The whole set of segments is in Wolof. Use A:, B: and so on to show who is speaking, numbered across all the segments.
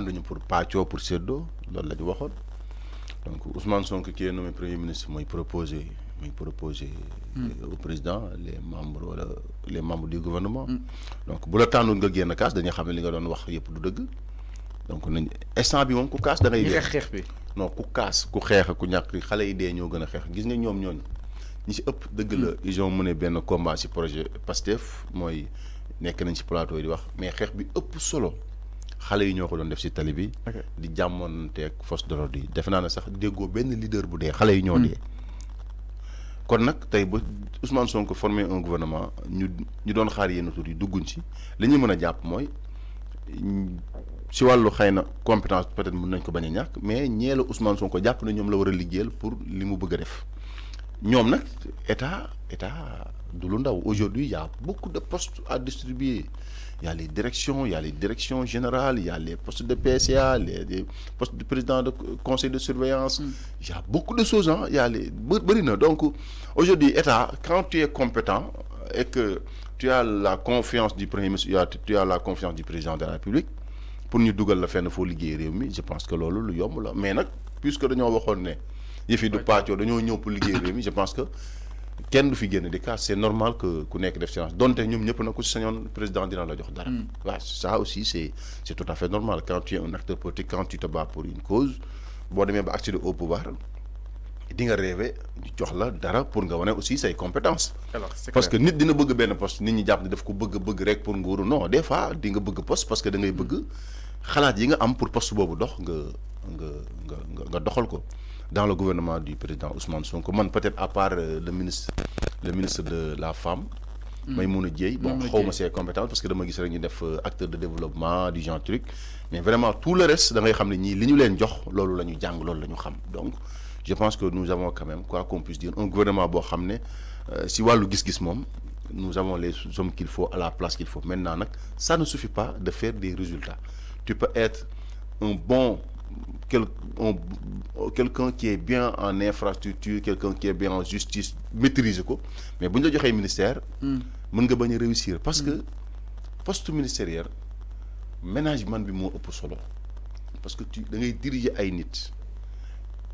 A: nous pour patio pour Cerdo, loolu la donc Ousmane Sonko qui est nommé premier ministre moy proposé hmm. euh, au président les membres euh, les membres du gouvernement. Hmm. donc bu la tanou nga génn kaas dañu xamé li nga wax du donc nañ bi ku kaas da ngay. non ku kaas ku ku yi a gis nga ñom ñoon ñi ci ëpp deug la. Hmm. ils ont mené ben combat ci projet PASTEF moy nek nañ ci plateau di wax mais nous bi ëpp xale yi ñoo ko doon def si tali bi. di jàmmoonteeg force de l'ordre yi defe naa ne sax déggoo benn leader bu dee xale yi ñoo hmm. dee. kon nag tey ba Ousmane Sonko formé un gouvernement ñu doon xaar yenn tur yi dugguñ si li ñuy mën a jàpp mooy si wàllu xëy na compétence peut-être mën nañ ko bañ a ñàkk mais ñee la Ousmane Sonko jàpp na ñoom la war a liggéeyal pour li mu bëgg a def. aujourd'hui il y a beaucoup de postes à distribuer il y a les directions il y a les directions générales il y a les postes de PCA les, postes de président de conseil de surveillance mm. il y a beaucoup de choses hein il y a les donc aujourd'hui état quand tu es compétent et que tu as la confiance du premier tu as la confiance du président de la République pour nous, dougal la fenn foo faut je pense que lolo le yomb mais maintenant, puisque nous avons il fait du paacoo dañoo ñëw pour le réew je pense que kenn du fi des cas c'est normal que ku ait def séance donte ñoom ñëpp nag ku si sañoon président dina la jox hmm. ça aussi c'est c'est tout à fait normal quand tu es un acteur politique quand tu te bats pour une cause boo même ba de haut pouvoir di nga rêver ñu jox la dara pour nga aussi ses compétences. parce que nit dina bëgg benn poste nit ñi jàpp ne daf ko bëgg bëgg rek pour nguuru non des fois di nga bëgg poste parce que da ngay bëgg hmm. xalaat yi nga am pour poste boobu dox nga nga nga nga dans le gouvernement du président Ousmane Sonko peut-être à part euh, le ministre le ministre de la femme. Hmm. Maïmouna Dieye bon pas si compétent compétent parce que dama suis rek euh, acteur de développement du genre truc mais vraiment tout le reste da ngay que nous avons fait, jox donc je pense que nous avons quand même quoi qu'on puisse dire un gouvernement à xam euh, si wàllu gis-gis moom nous avons les hommes qu'il faut à la place qu'il faut maintenant ça ne suffit pas de faire des résultats tu peux être un bon quelqu'un qui est bien en infrastructure quelqu'un qui est bien en justice maîtrise quoi. mais si on la un ministère. Hmm. mën nga réussir parce que hmm. poste ministériel management bi est ëpp solo parce que tu da ngay diriger ay nit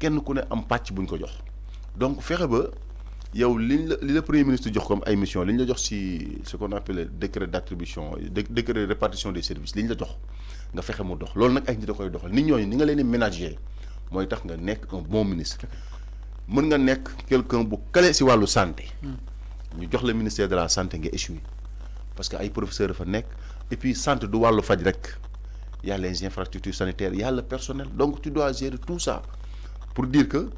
A: kenn ku ne am pas donc yow liñ la li premier ministre jox comme ay mission liñ la jox ci ce qu'on appelle décret d'attribution décret de répartition des services liñ la jox nga fexe mu dox loolu nag ay nit da koy doxal nit ni nga leen ménager tax un bon ministre mën nga nekk quelqu'un bu calé ci wàllu santé
B: hmm.
A: ñu jox le ministère de la santé nga échoué parce que ay professeurs dafa nekk et puis santé du faire faj Il y a les infrastructures sanitaires y a le personnel donc tu dois gérer tout ça pour dire que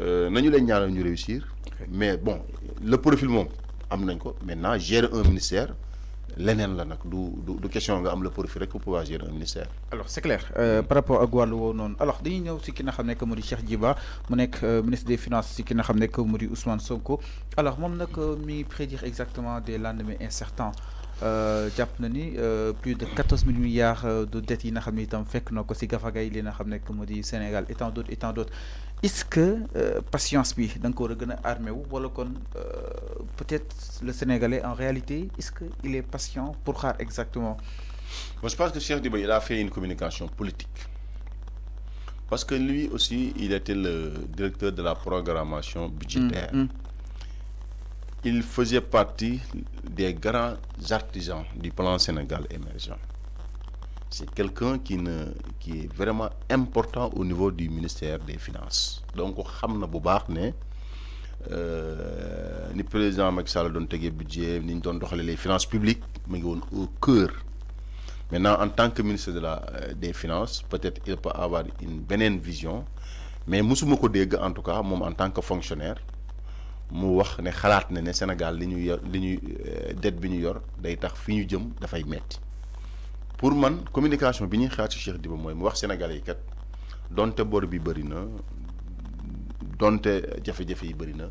A: euh, nañu leen ñaanal ñu réussir mais bon le profil mom am maintenant gérer un
B: ministère lenen la question
A: nga le profil pour pouvoir gérer un ministère. alors
B: c'est clair euh, par rapport à quoi non alors dañuy ñëw ki nga que Cheikh euh, ministre des finances si ki nga ne Ousmane Sonko alors euh, mi prédire exactement des lendemains incertains. Euh, japonais euh, plus de 14 000 milliards euh, de dettes yi nga xam ne itam fekk na ko si gafaga li nga Sénégal et tant d'autres et tant d'autres est-ce que patience puis donc nga armé ou wala peut-être le Sénégalais en réalité est-ce qu'il est patient pour exactement.
A: je pense que Cheikh Diba il a fait une communication politique parce que lui aussi il était le directeur de la programmation budgétaire. Mm, mm il faisait partie des grands artisans du plan Sénégal émergent. C'est quelqu'un qui, qui est vraiment important au niveau du ministère des Finances. Donc, on sait que le euh, président Macky Sall a le budget, ni les finances publiques, mais au cœur. Maintenant, en tant que ministre de la, euh, des Finances, peut-être il peut avoir une bonne vision, mais Moussou en tout cas, en tant que fonctionnaire, mu wax ne xalaat na ne Sénégal li ñu euh, dette bi ñu yor day tax fi ñu jëm dafay metti pour man communication bi ñuy xaar ci Cheikh Diba mooy mu wax Sénégalais yi kat donte bor bi bëri na donte jafe-jafe yi bëri na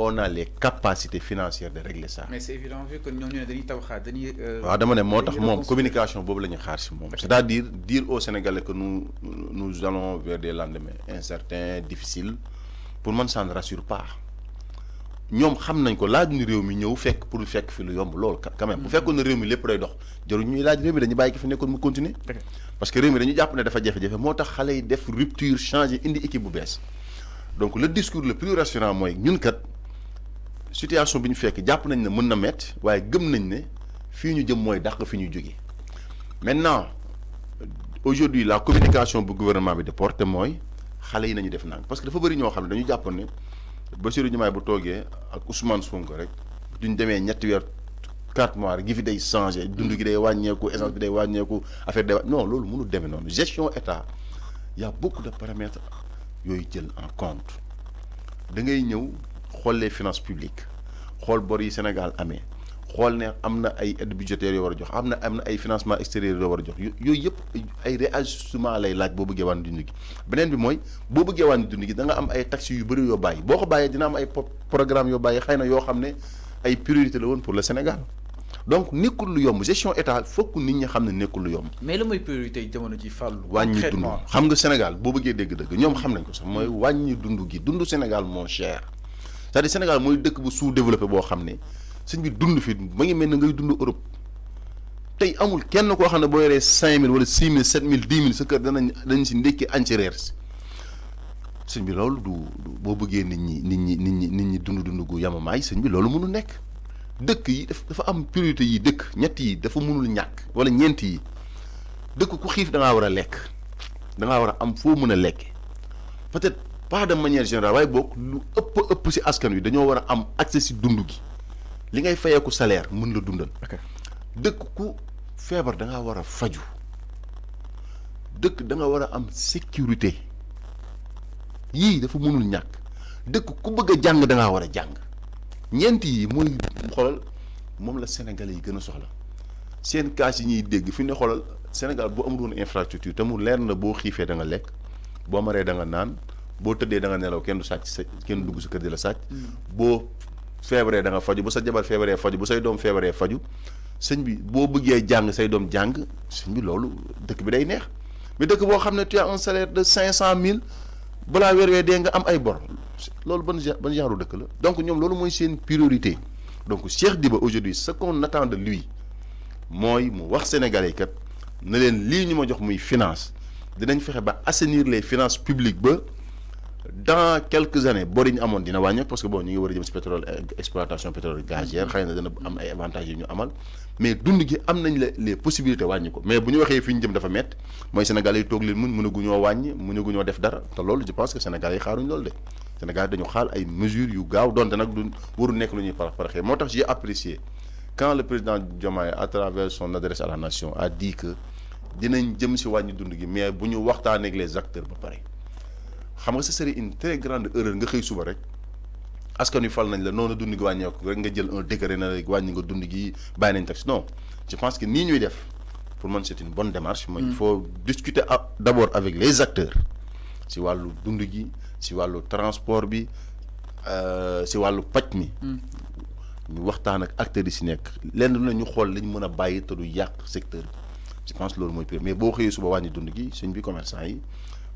A: on a les capacités financières de régler ça. mais
B: c'est évident vu que ñoom ñu ne dañuy tabaxaat dañuy. Euh, waaw dama ne moo communication
A: la xaar si moom. c'est-à-dire dire aux Sénégalais que nous nous allons vers des lendemains incertains difficiles pour moi ça ne rassure pas. Nous xam nañ ko laaj ni mi pour fekk fi yomb quand mm-hmm. mi dox mi continuer parce que mi dañu ne dafa yi def rupture changer indi équipe donc le discours le plus rassurant mooy ñun kat situation bi fekk nañ ne gëm nañ ne maintenant aujourd'hui la communication du gouvernement de porte mooy parce que dafa bëri ñoo xam Bassirou Diomaye bu toogee ak Ousmane Sonko rek duñ démé ñetti wër 4 mois gi fi day changer dund gi day wàññeeku essence bi day wàññeeku affaire day non lolu mënu démé non gestion état il y a beaucoup de paramètres yooyu jël en compte da ngay ñëw xool les finances publiques xol bor yi Sénégal amé xolne amna ay aide budgétaire yo war jox amna amna ay financement extérieur yo war jox yoy yep ay réajustement lay laaj bo bëgge wàññi dund gi benen bi moy bo bëgge wàññi dund gi da nga am ay taxi yu bëri yo bàyyi boko ko dina am ay programme yo bàyyi xeyna yo xamne ay priorité la won pour le Sénégal donc nekul lu yomb gestion état fokk nit ñi xamne nekul lu yomb.
B: mais la mooy priorité jëmono ci fàllu. wàññi dund xam
A: nga Sénégal bo bëgge degg dégg-dëgg ñom xam nañ ko sax moy wàññi dund gi dund Sénégal mon cher c'est-à-dire Sénégal moy dëkk bu sous développé bo xamne sëñ bi dund fi ma ngi mel ne ngay dund Europe tey amul kenn koo xam ne boo yoree cinq mille wala six mille sept mille dix mille sa kër danañ danañ si ndékki añ si reer si sëñ bi loolu du boo bëggee nit ñi nit ñi nit ñi nit ñi dund dund gu yamamaay sëñ bi loolu mënu nekk dëkk yi dafa am priorité yi dëkk ñett yi dafa mënul ñàkk wala ñeent yi dëkk ku xiif da war a lekk da war a am foo mën a lekk peut-être pas de manière générale waaye bokk lu ëpp ëpp si askan wi dañoo war a am accès si dund gi. li ngay saler salaire mën la dundal dekk ku fièvre da nga wara faju dekk da nga wara am sécurité yii dafa mënul ñak dekk ku bëgg jang da nga wara jang ñent yi moy xolal mom la Sénégalais yi gëna soxla seen cas yi ñuy dégg fi ne xolal Sénégal bu amul infrastructure te mu na bo xifé da nga lekk bo maré da nga nan bo tëddee da nga nelaw kenn du sacc kenn dugg kër di la sacc hmm. bo février da nga faju bu sa jabar février faju bu say dom février faju sëñ bi bo bëggé jang say dom jang sëñ bi loolu dëkk bi day neex mais dëkk bo xamné tu as un salaire de cinq cent mille balaa weer wee dee nga am ay bor loolu ban ban genre dëkk la donc ñom loolu moy seen priorité donc Cheikh Diba aujourd'hui ce qu'on attend de lui moy mu wax sénégalais kat na leen li ñuma jox muy finance dinañ fexé ba assainir les finances publiques ba dans quelques années bori ñu amoon dina wàññeeku parce que bon ñu ngi war a jëm si pétrole euh, exploitation pétrole gazière mm-hmm. xayna dina am ay avantages ñu amal mais dund gi am nañ la les possibilités wàññi ko mais bu ñu waxee fi ñu jëm dafa métti mooy Sénégal yi toog leen mun mënaguñoo wàññi guñu def dara te loolu je pense que Sénégal yi xaaruñ loolu de Sénégal dañu xal ay mesures yu gaaw donte nak du waru nekk lu ñuy parax paraxee moo tax j'ai apprécié quand le président Diomaye à travers son adresse à la nation a dit que dinañ jëm ci wàññi dund gi mais bu ñu waxtaanee ak les acteurs ba paré xam nga ce serait une très grande erreur nga xëy suba rek askan wi fal nañ la noonu dund gi wàññeeku rek nga jël un décret na rek wàññi nga dund gi bàyyi nañ taxi non je pense que nii ñuy def pour man c'est une bonne démarche. mooy il mm. faut discuter d'abord avec les acteurs si wàllu dund gi si wàllu transport bi euh, si wàllu paj mi. Mm. ñu waxtaan ak acteurs yi si nekk lenn lu ne ñu xool li ñu mën a bàyyi te du yàq secteur bi je pense loolu mooy pire mais boo xëyee suba wàññi dund gi suñ bi commerçant yi.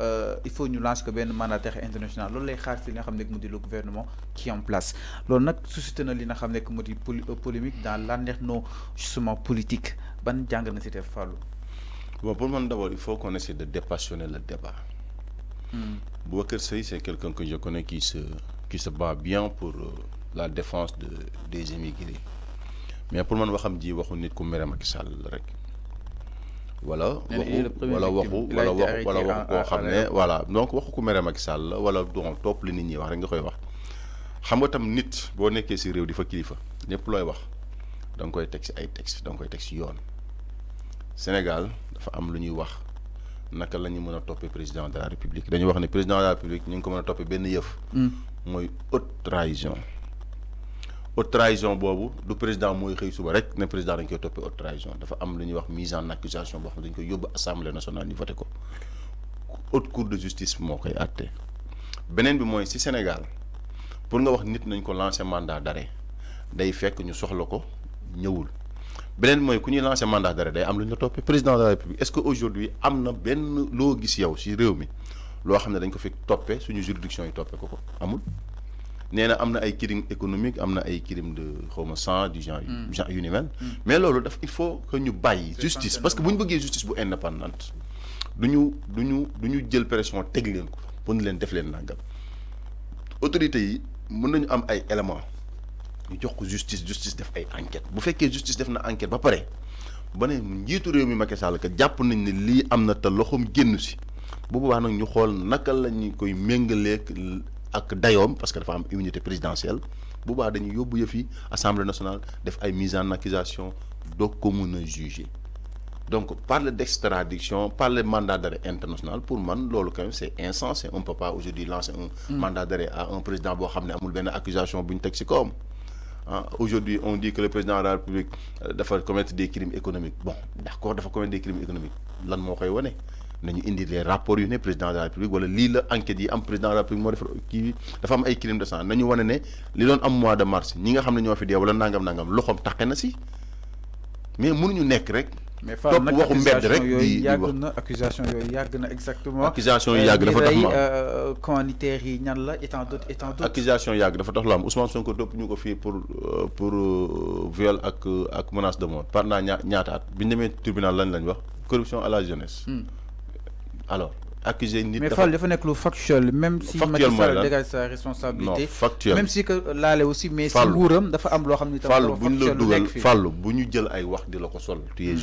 B: Euh, il faut nous lance que mandataire international loolu lay xaar nous nga le gouvernement qui est en place loolu nag suscité na li nga euh, polémique dans l'année justement politique ban jàng na si def
A: pour moi d'abord il faut qu'on essaie de dépassionner le débat. Hmm. Boubacar Sey, c'est quelqu'un que je connais qui se qui se bat bien pour euh, la défense de des immigrés mais pour man waxam ji qui nit en train de se rek. Voilà, voilà, voilà, voilà, voilà donc waxu voilà, Macky Sall wala li nit ñi wax rek nga koy wax xam nga tam nit bo nekké ci Sénégal dafa am lu ñuy wax naka président de la république président de la république hmm. trahison haute trahison bobu du président moy xey suba rek ne président dañ koy topé haute trahison dafa am luñu wax mise en accusation boo xam dañ koy yob assemblée nationale ni voté ko haute cour de justice moo koy àtte beneen bi moy ci Sénégal pour nga wax nit nañ ko lancer mandat d'arrêt day fekk ñu soxla ko ñewul benen moy ku ñuy lancer mandat d'arrêt day am luñu topé président de la république est-ce que aujourd'hui amna benn lo gis yow ci réew mi lo xam dañ ko fi topé suñu juridiction yi topé ko ko amul. nee na am na ay crime économique am na ay crime de xawma ma sang du genre mm. genre yu ni mel mm. mais loolu daf il faut que ñu bàyyi justice parce que bu ñu bëggee justice bu indépendante du ñu du ñu du ñu jël pression teg leen ko pour ñu leen def leen nangam autorités yi mën nañu am ay éléments ñu jox ko justice justice def ay enquête bu fekkee justice def na enquête ba pare ba ne njiitu réew mi Macky Sall ka jàpp nañ ne lii am na te loxoom génn si bu boobaa nag ñu xool naka la ñu koy méngaleeg ak dayom parce que dafa une immunité présidentielle bu dañuy yobbu assemblée nationale def ay mise en accusation de ko mun juger donc parler d'extradition parler parler mandat d'arrêt international pour man lolu quand même insensé on peut pas aujourd'hui lancer un mm. mandat d'arrêt à un président qui xamné amul accusation de tek ci hein, aujourd'hui on dit que le président de la république euh, dafa commettre des crimes économiques bon d'accord il dafa commettre des crimes économiques lan moo koy nañu indi les rapports yu ne président de la république wala li la enquête yi am président de la république mo def ki dafa am ay crime de sang nañu wone ne li doon am mois de mars ñi nga xam ne ñoo fi dee wala nangam nangam loxom taqe na si mais ñu nekk rek.
B: topp waxu mbedd rek di wax mais accusation yoy yag na exactement. accusation yoy yag dafa tax ma euh, commanditaires yi ñan la étant d'autre étant d'autre
A: accusation yag dafa tax la Ousmane Sonko topp ñuko fi pour euh, pour euh, viol ak ak menace de mort par naa ñaata at bi tribunal lañ lañ wax corruption à la jeunesse. Hmm alors accuser nit. mais Fall
B: dafa que factuel même si. il dégage sa responsabilité. non factuel même si que est aussi mais. si nguuram dafa am faut factuel Fall
A: Fall